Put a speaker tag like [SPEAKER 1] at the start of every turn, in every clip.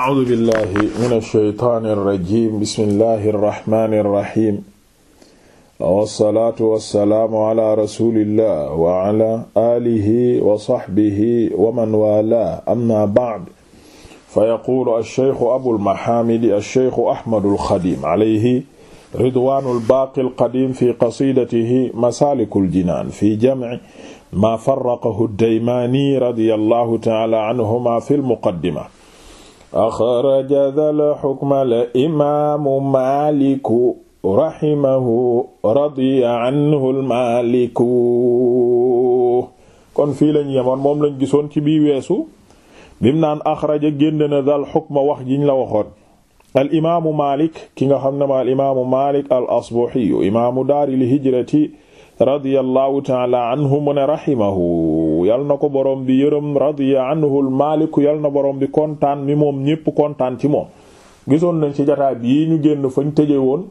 [SPEAKER 1] أعوذ بالله من الشيطان الرجيم بسم الله الرحمن الرحيم والصلاة والسلام على رسول الله وعلى آله وصحبه ومن والاه أما بعد فيقول الشيخ أبو المحامد الشيخ أحمد الخديم عليه رضوان الباقي القديم في قصيدته مسالك الجنان في جمع ما فرقه الديماني رضي الله تعالى عنهما في المقدمة axraja dal xukma la imaamu maaliku rahimahu radiya anhu lmaaliku kon fii lañ yemoon moom lañ gisoon ci bii weesu bim naan axraja génn na dal xukma wax jiñ la waxoon al imaamu maalik ki nga xam ne ma al imaamu maalik al asbuhiyu imaamu daaril hijrati radiyallahu taala anhu mu ne rahimahu yal na ko borom bi yërëm radiya anhu maaliku yal na borom bi kontaan mi moom ñépp kontaan ci moom gisoon nañ ci jataay bii ñu génn fañ tëje woon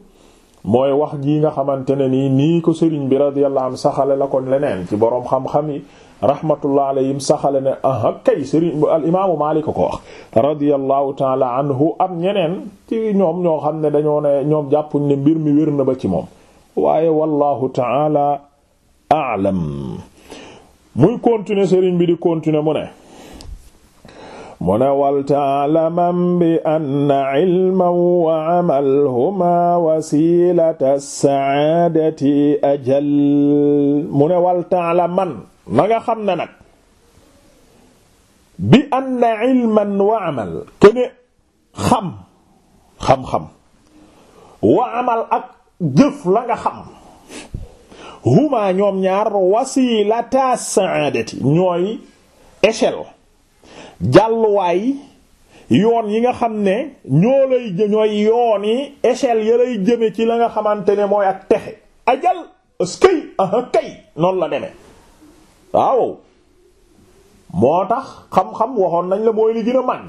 [SPEAKER 1] mooy wax jii nga xamante ne nii nii ko sëriñ bi radiyallahu am saxale la kon leneen ci boroom xam-xam yi rahmatullah alayhim saxale ne aha kay sëriñ al imaamu Maalik ko wax radiyallahu taala anhu am ñeneen ci ñoom ñoo xam ne dañoo ne ñoom jàppuñ ne mbir mi wér na ba ci moom waaye wallahu ta'ala a'lam muy continuer sëriñ bi di continuer mu ne mu ne wal ta'laman bi anna ilman wa amal huma wasilata saadati ajal mu wal ta'laman na nga xam ne nag bi anna ilman wa amal kene xam xam-xam wa amal ak jëf la nga xam huma ñoom ñaar wasilata saadati ñooy échelle jàlluwaay yoon yi nga xam ne ñoo lay ñooy yoon yi échelle ya lay jëme ci la nga xamante ne mooy ak texe ajal ëskay aha kay noonu la demee waaw moo tax xam-xam waxoon nañ la mooy li gën màgg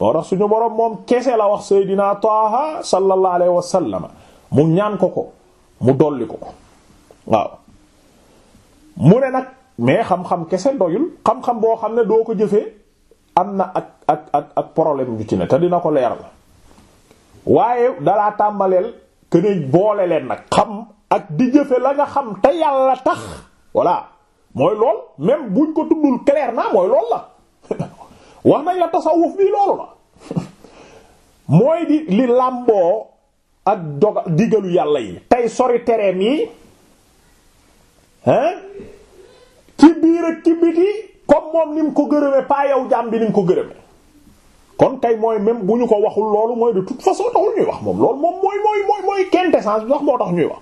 [SPEAKER 1] moo tax suñu borom moom kese la wax Seydina Taaha sallallahu alayhi wa mu ñaan ko ko mu dolli ko ko waaw mu ne nag mais xam-xam kese doyul xam-xam boo xam ne doo ko jëfee am na ak ak ak problème ju ci ne te dina ko leer la waaye dalaa tàmbaleel que ne boole leen nag xam ak di jëfe la nga xam te yàlla tax voilà mooy lool même buñ ko tuddul clair na mooy lool la wax nañ la tasawuf bi loolu la mooy di li làmboo ak doga digalu yàlla yi tey sori tereem yi hein ci biir ak ci biti comme moom ni mu ko gërëme pas yow jaam bi ni mu ko gërëme kon tey mooy même bu ñu ko waxul loolu mooy de toute façon taxul ñuy wax moom loolu moom mooy mooy mooy mooy quintessence bi sax moo tax ñuy wax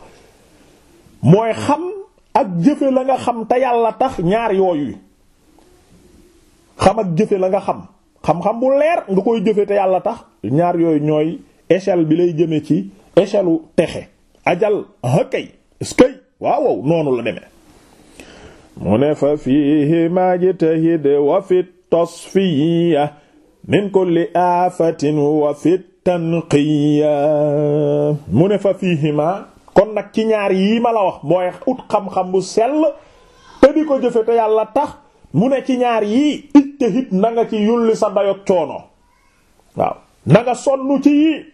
[SPEAKER 1] mooy xam ak jëfe la nga xam te yàlla tax ñaar yooyu xam ak jëfe la nga xam xam-xam bu leer nga koy jëfe te yàlla tax ñaar yooyu ñooy échelle bi lay jëme ci échelle u texe ajal hëkkay eskay waawow noonu la demee mu ne fa fiihi majtahid wa fi tasfiya min kulli aafatin wa fi tanqiya mu ne fa fiihima kon nag ci ñaar yii ma la wax mooy ut xam-xam bu sell te di ko jëfe te yàlla tax mu ne ci ñaar yii ijtihid na nga ci yulli sa dayot coono waaw na sonn ci yii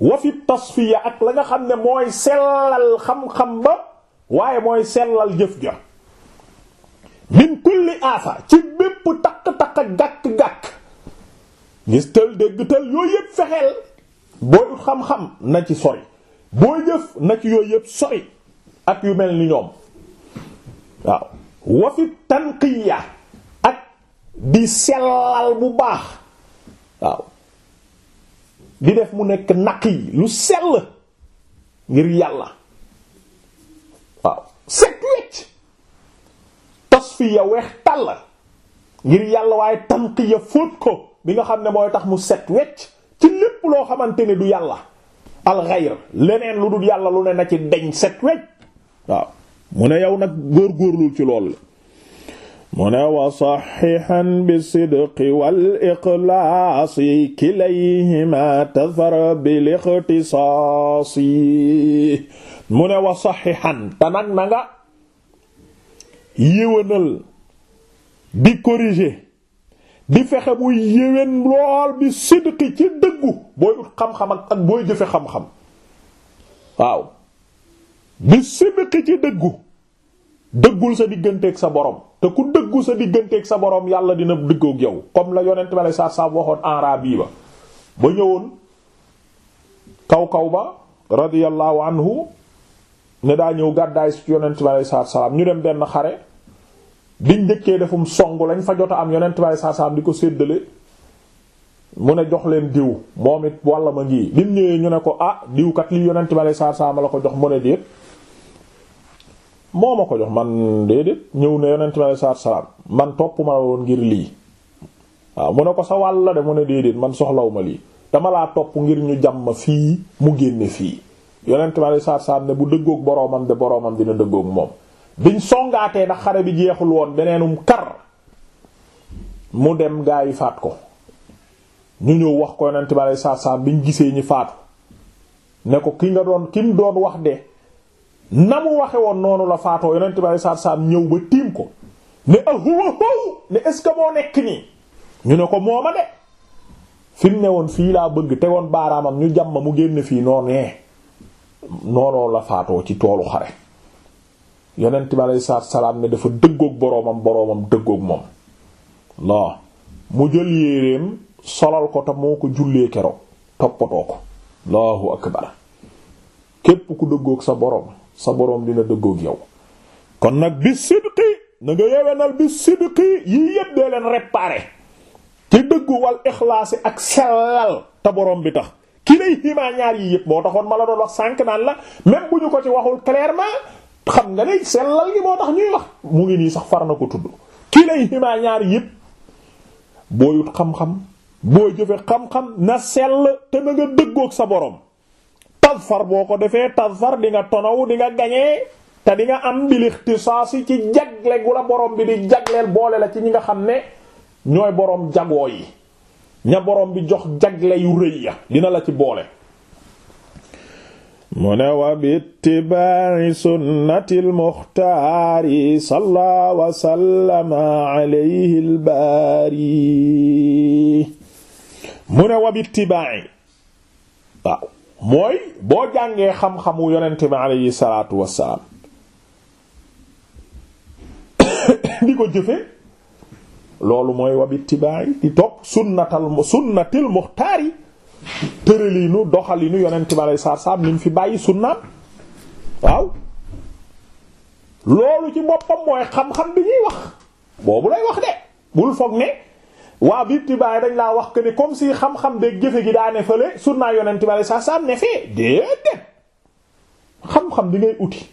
[SPEAKER 1] wa fi tasfiya ak la nga xam ne mooy sellal xam-xam ba waaye mooy sellal jëf ja min kulli aafa ci bépp takk-takk gàkk-gàkk gis tël dégg tël yooyu yëpp fexeel booy ut xam-xam na ci sori booy jëf na ci yooyu yëpp sori ak yu mel ni ñoom waaw wa tanqiya ak di sellal bu baax waaw di def mu nekk naqi lu sell ngir yàlla waaw set wecc tasfiya weex tàll ngir yàlla waaye tanqiya fóot ko bi nga xam ne mooy tax mu set wecc ci lépp loo xamante ne du yàlla alxeyr leneen lu dul yàlla lu ne na ci deñ set wecc waaw mu ne yow nag góor góor góorlul ci loolu mu ne wa saxihan bisidqi wal ixlaasi kilayhima tafar bilixtisaasi mu ne wa saxihan te nag na yéwénal di corriger di fexe bu yéwén lool bi sidqi ci dëggu booy ut xam-xam ak ak booy jëfe xam-xam waaw bi sidqi ci dëggu dëggul sa digganteek sa borom te ku dëggu sa digganteeg sa boroom yàlla dina dëggoog yow comme la yonent ba lay saa saa waxoon enra bii ba ba ñëwoon kaw kaw ba radiyallahu anhu ne daa ñëw gàddaay ci yonent bi alei salaatu salaam ñu dem benn xare biñ njëkkee defum song lañ fa jot am yonent bi alei salaatu salaam di ko séddale mu ne jox leen diw moom it walla ma ngi lim ñëwee ñu ne ko ah diw kat li yonent bi alei salaatu salaam la ko jox mu ne déet moo ma ko jox man déedéet ñëw na yonent bi alayhi salaatu salaam man topp ma woon ngir lii waaw mu ne ko sa wàll la de mu ne déedéet man soxlaw ma lii dama laa topp ngir ñu jam ma fii mu génne fii yonent bi alayhi salaatu salaam ne bu dëggoog boroomam de boroomam dina dëggoog moom biñ songaatee ndax xare bi jeexul woon beneenum kar mu dem gaa yi faat ko ñu ñëw wax ko yonent bi alayhi salaatu salaam biñ gisee ñi faatu ne ko ki nga doon ki mu doon wax de na mu waxe woon noonu la faatoo yonent bi saat saam ñëw ba tiim ko ne ahuwa how ne est nekk nii ñu ne ko mooma de fi ne woon fii laa bëgg tegoon baaraamam ñu jàmm mu génn fii noonee noonu la faatoo ci toolu xare yonent bi aleyhi salaatu salaam ne dafa dëggoog boroomam boroomam dëggoog moom laa mu jël yéreem solal ko te moo ko jullee keroog toppatoo ko allahu akbar képp ku dëggook sa boroom sa boroom dina dëggoog yow kon nag bi sidqi na nga yewenal bi sidqi yii yépp dee leen réparé ci dëggu wal ixlaasi ak sellal te boroom bi tax ki lay ximaa ñaar yii yépp moo taxoon ma la doon wax sànq naan la même bu ñu ko ci waxul clairement xam nga ne sellal gi moo tax ñuy wax mu ngi nii sax far na ko tudd ki lay ximaa ñaar yépp booyut xam-xam boo jëfe xam-xam na sell te na nga sa boroom tazfar boo ko defee tazfar di nga tonaw di nga gañee te di nga am bil ixtisaasi ci jagle gu la borom bi di jagleel boole la ci ñi nga xam ne ñooy borom jagoo yi ña borom bi jox jagle yu rëy ya dina la ci boole mu ne wa bittiba'i sunnatil muxtaari salla wa sallama alayhi al-baari mooy boo jàngee xam-xamu yonent bi aleyhi salaatu wassalaam di ko jëfe loolu mooy wabitibaayi di topp sunnatal sunnatil muxtaar yi tëraliinu doxaliinu yonent bi aleyhi salaatu wassalaam lim fi bàyyi sunnaam waaw loolu ci boppam mooy xam-xam bi ñuy wax boobu lay wax de bul foog ne waaw bi ittibaay dañ laa wax que ni comme si xam-xam beeg jëfe gi daa ne fële sunna yonent bi saa saa ne fee déedéet xam-xam bi ngay uti.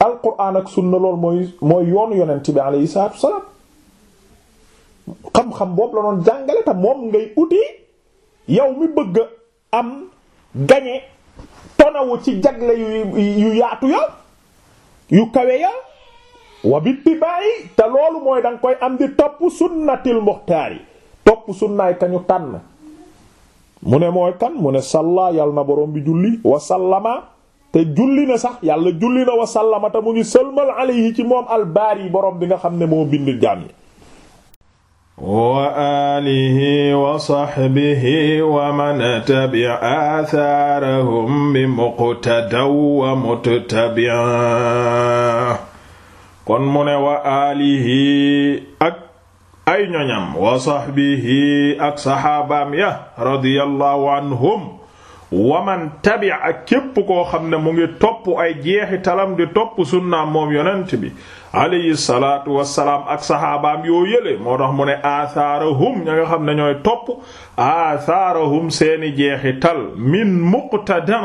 [SPEAKER 1] alquran ak sunna loolu mooy mooy yoonu yonent bi alayhi salaatu wasalaam xam-xam boobu la doon jàngale te moom ngay uti yow mi bëgg am gañe tonawu ci jagle yu yaatu ya yu kawe ya wa bittibaay te loolu mooy da nga koy am di topp sunnatil muxtaar yi topp sunnaay kañu tànn mu ne mooy kan mu ne salla yàlla borom bi julli wa sallama na sax yàlla julli na wa sallama te mu ngi sëlmal alayhi ci moom albaari yi borom bi nga xam ne moo bind jaam yi wa alihi wa sahbihi wa man tabi'a athaarahum bi muqtadaw wa muttabi'a kon mu ne wa aalihi ak ay ñoñam wa sahbihi ak saxaabaam ya radiyallahu anhum wa man tabi ak képp koo xam ne mu ngi topp ay jeexi talam di topp sunnaam moom yonent bi alayhi salaatu wassalaam ak saxaabaam yoo yële moo tax mu ne athaarahum ña nga xam ne ñooy topp athaarahum seeni jeexi tal min muqtadan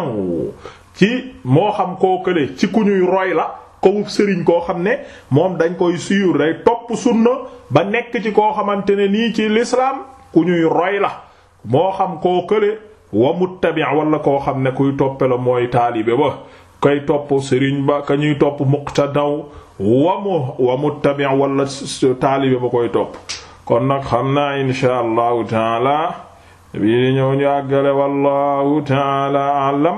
[SPEAKER 1] ci moo xam koo kële ci ku ñuy roy la kowub sëriñ koo xam ne moom dañ koy suyur day topp sunna ba nekk ci koo xamante ne nii ci lislaam ku ñuy roy la moo xam koo kële wa muttabi' wala koo xam ne kuy toppe la mooy taalibe ba kay topp sëriñ ba ñuy topp muqtadaw wa mu wa muttabi' wala taalibe ba koy topp kon nag xam naa insha allahu taala bii di ñu àggale wallahu taala alam